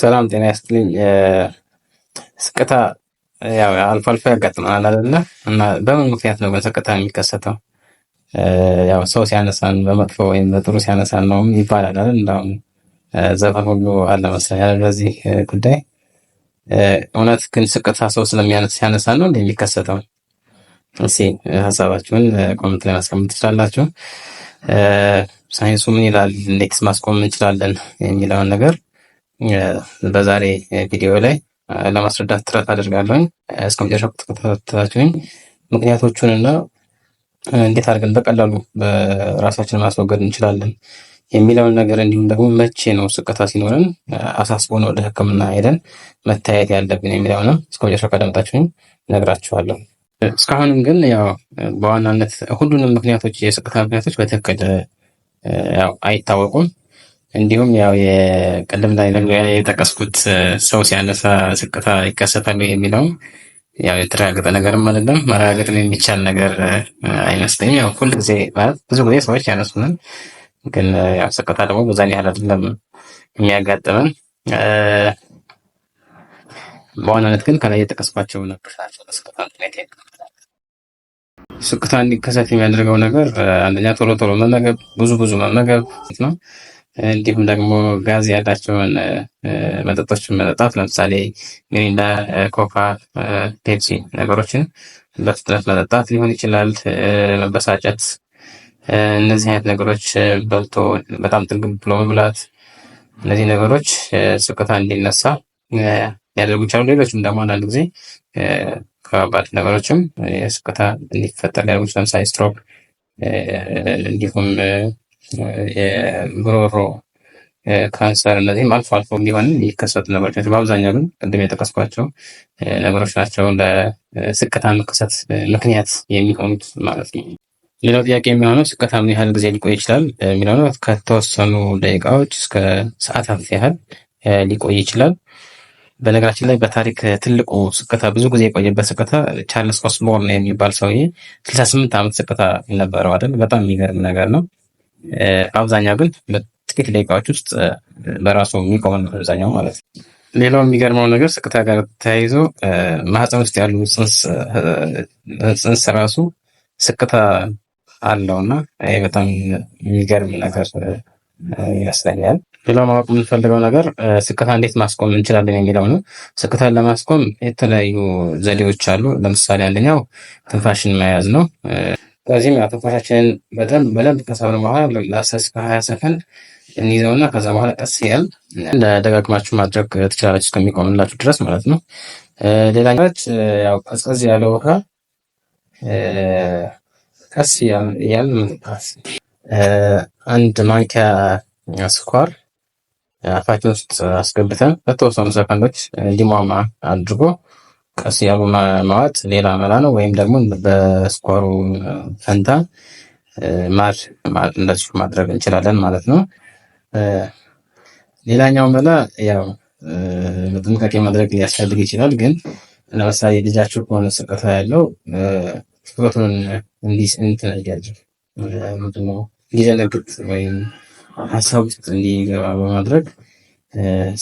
ሰላም ጤና ይስጥልኝ። ስቅታ ያው አልፎ አልፎ ያጋጥመናል አይደለ? እና በምን ምክንያት ነው ግን ስቅታ የሚከሰተው? ያው ሰው ሲያነሳን በመጥፎ ወይም በጥሩ ሲያነሳን ነው ይባላል አይደል? እንደውም ዘፈን ሁሉ አለ መሰለኝ በዚህ ጉዳይ። እውነት ግን ስቅታ ሰው ስለሚያነስ ሲያነሳ ነው እንዴ የሚከሰተው? እስኪ ሀሳባችሁን ኮመንት ላይ ማስቀመጥ ትችላላችሁ። ሳይንሱ ምን ይላል፣ እንዴትስ ማስቆም እንችላለን የሚለውን ነገር በዛሬ ቪዲዮ ላይ ለማስረዳት ጥረት አደርጋለሁኝ። እስከ መጨረሻ ምክንያቶቹን እና እንዴት አድርገን በቀላሉ በራሳችን ማስወገድ እንችላለን የሚለውን ነገር እንዲሁም ደግሞ መቼ ነው ስቀታ ሲኖረን አሳስቦን ወደ ሕክምና ሄደን መታየት ያለብን የሚለውንም እስከ መጨረሻ ካዳመጣችሁኝ ነግራችኋለሁ። እስካሁንም ግን ያው በዋናነት ሁሉንም ምክንያቶች የስቅታ ምክንያቶች በትክክል ያው አይታወቁም። እንዲሁም ያው የቅድም ላይ የጠቀስኩት ሰው ሲያነሳ ዝቅታ ይከሰታል የሚለው ያው የተረጋገጠ ነገርም አይደለም፣ መረጋገጥም የሚቻል ነገር አይመስለኝም። ያው ሁል ጊዜ ማለት ብዙ ጊዜ ሰዎች ያነሱንን፣ ግን ያው ዝቅታ ደግሞ በዛን ያህል አይደለም የሚያጋጥመን። በዋናነት ግን ከላይ የጠቀስኳቸው ነበር ዝቅታ እንዲከሰት የሚያደርገው ነገር አንደኛ ቶሎ ቶሎ መመገብ፣ ብዙ ብዙ መመገብ ነው። እንዲሁም ደግሞ ጋዝ ያላቸውን መጠጦችን መጠጣት ለምሳሌ ሚሪንዳ፣ ኮካ፣ ፔፕሲ ነገሮችን በፍጥነት መጠጣት ሊሆን ይችላል። መበሳጨት፣ እነዚህ አይነት ነገሮች በልቶ በጣም ጥግብ ብሎ መብላት፣ እነዚህ ነገሮች ስቅታ እንዲነሳ ያደርጉ ይችላሉ። ሌሎችም ደግሞ አንዳንድ ጊዜ ከባድ ነገሮችም ስቅታ እንዲፈጠር ያደርጉ ለምሳሌ ስትሮክ እንዲሁም የጉሮሮ ካንሰር እነዚህም አልፎ አልፎ ቢሆንም ይከሰቱ ነገሮች ናቸው። በአብዛኛው ግን ቅድም የጠቀስኳቸው ነገሮች ናቸው ለስቅታ መከሰት ምክንያት የሚሆኑት ማለት ነው። ሌላው ጥያቄ የሚሆነው ስቅታ ምን ያህል ጊዜ ሊቆይ ይችላል የሚለው ከተወሰኑ ደቂቃዎች እስከ ሰዓታት ያህል ሊቆይ ይችላል። በነገራችን ላይ በታሪክ ትልቁ ስቅታ ብዙ ጊዜ የቆየበት ስቅታ ቻርልስ ኮስሞር የሚባል ሰውዬ ስልሳ ስምንት ዓመት ስቅታ ነበረው አይደል? በጣም የሚገርም ነገር ነው። በአብዛኛው ግን በጥቂት ደቂቃዎች ውስጥ በራሱ የሚቆም ነው አብዛኛው ማለት ነው። ሌላው የሚገርመው ነገር ስቅታ ጋር ተያይዞ ማህፀን ውስጥ ያሉ ጽንስ ራሱ ስቅታ አለው እና ይህ በጣም የሚገርም ነገር ይመስለኛል። ሌላው ማወቅ የምንፈልገው ነገር ስቅታ እንዴት ማስቆም እንችላለን የሚለው ነው። ስቅታን ለማስቆም የተለያዩ ዘዴዎች አሉ። ለምሳሌ አንደኛው ትንፋሽን መያዝ ነው። ከዚህም ያው በደንብ በደንብ ከሳብን በኋላ ለአስር እስከ ሀያ ሰከንድ እና ከዛ በኋላ ቀስ ያል ደጋግማችሁ ማድረግ ትችላላችሁ እስከሚቆምላችሁ ድረስ ማለት ነው። ሌላኛች ያው ቀዝቀዝ ያለ ውሃ ቀስ ያል መጠጣት፣ አንድ ማንኪያ ስኳር አፋችን ውስጥ አስገብተን ለተወሰኑ ሰከንዶች እንዲሟማ አድርጎ ቀስ ያሉ መዋጥ ሌላ መላ ነው። ወይም ደግሞ በስኳሩ ፈንታ ማር እንደዚሁ ማድረግ እንችላለን ማለት ነው። ሌላኛው መላ ያው በጥንቃቄ ማድረግ ሊያስፈልግ ይችላል። ግን ለምሳሌ ልጃችሁ ከሆነ ስቅታ ያለው ስቅቱን እንዲትነያቸው እንዲዘነግጥ ወይም ሀሳብ ውስጥ እንዲገባ በማድረግ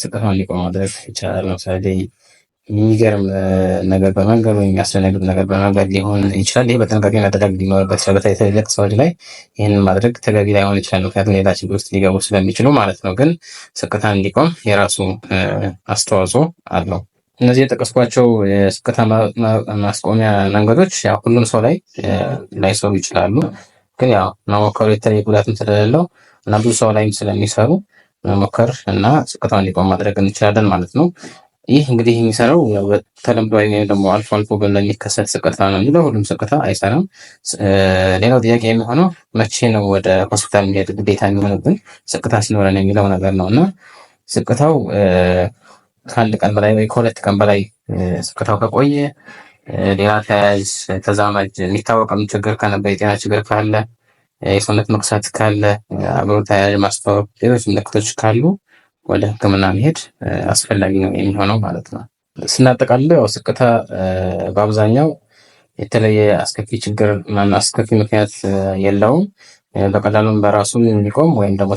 ስቅቷን እንዲቆም ማድረግ ይቻላል። ለምሳሌ የሚገርም ነገር በመንገድ ወይም የሚያስደነግጥ ነገር በመንገድ ሊሆን ይችላል። ይህ በጥንቃቄ መደረግ ሊኖርበት ይችላል። በተለይ ትልልቅ ሰዎች ላይ ይህንን ማድረግ ተገቢ ላይሆን ይችላል፣ ምክንያቱም ሌላ ችግር ውስጥ ሊገቡ ስለሚችሉ ማለት ነው። ግን ስቅታ እንዲቆም የራሱ አስተዋጽኦ አለው። እነዚህ የጠቀስኳቸው የስቅታ ማስቆሚያ መንገዶች ሁሉም ሰው ላይ ላይሰሩ ይችላሉ። ግን ያው መሞከሩ የተለየ ጉዳትም ስለሌለው እና ብዙ ሰው ላይም ስለሚሰሩ መሞከር እና ስቅታውን እንዲቆም ማድረግ እንችላለን ማለት ነው። ይህ እንግዲህ የሚሰራው ተለምዶ ደግሞ አልፎ አልፎ በሚከሰት ስቅታ ነው የሚለው። ሁሉም ስቅታ አይሰራም። ሌላው ጥያቄ የሚሆነው መቼ ነው ወደ ሆስፒታል የሚሄድ ግዴታ የሚሆንብን ስቅታ ሲኖረን የሚለው ነገር ነው እና ስቅታው ከአንድ ቀን በላይ ወይ ከሁለት ቀን በላይ ስቅታው ከቆየ ሌላ ተያያዥ ተዛማጅ የሚታወቀም ችግር ከነበ የጤና ችግር ካለ የሰውነት መቅሳት ካለ አብሮ ተያያዥ ማስታወቅ ሌሎች ምልክቶች ካሉ ወደ ህክምና መሄድ አስፈላጊ ነው የሚሆነው ማለት ነው። ስናጠቃልል ያው ስቅታ በአብዛኛው የተለየ አስከፊ ችግር አስከፊ ምክንያት የለውም። በቀላሉም በራሱ የሚቆም ወይም ደግሞ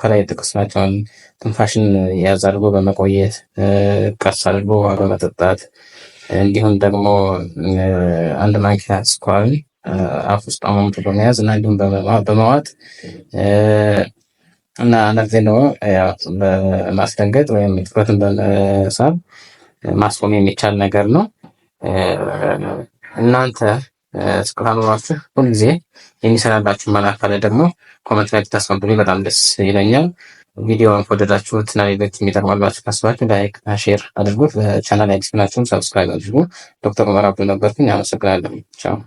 ከላይ የጠቀስናቸውን ትንፋሽን ያዝ አድርጎ በመቆየት ቀስ አድርጎ ውሃ በመጠጣት እንዲሁም ደግሞ አንድ ማንኪያ ስኳርን አፍ ውስጥ አሟሙቶ በመያዝ እና እንዲሁም በመዋጥ እና እነዚህን ደግሞ በማስደንገጥ ወይም ትኩረትን በመሳብ ማስቆም የሚቻል ነገር ነው። እናንተ ስጦታ ኖሯችሁ ሁልጊዜ የሚሰራላችሁ መልአክ ካለ ደግሞ ኮመንት ላይ ብታስቀምጡልኝ በጣም ደስ ይለኛል። ቪዲዮውን ከወደዳችሁት እና ሌሎች የሚጠቅማላችሁ ካስባችሁ ላይክ እና ሼር አድርጉት። በቻናል አዲስ ናችሁም ሰብስክራይብ አድርጉ። ዶክተር ኦመር አብዱ ነበርኩኝ። አመሰግናለሁ። ቻው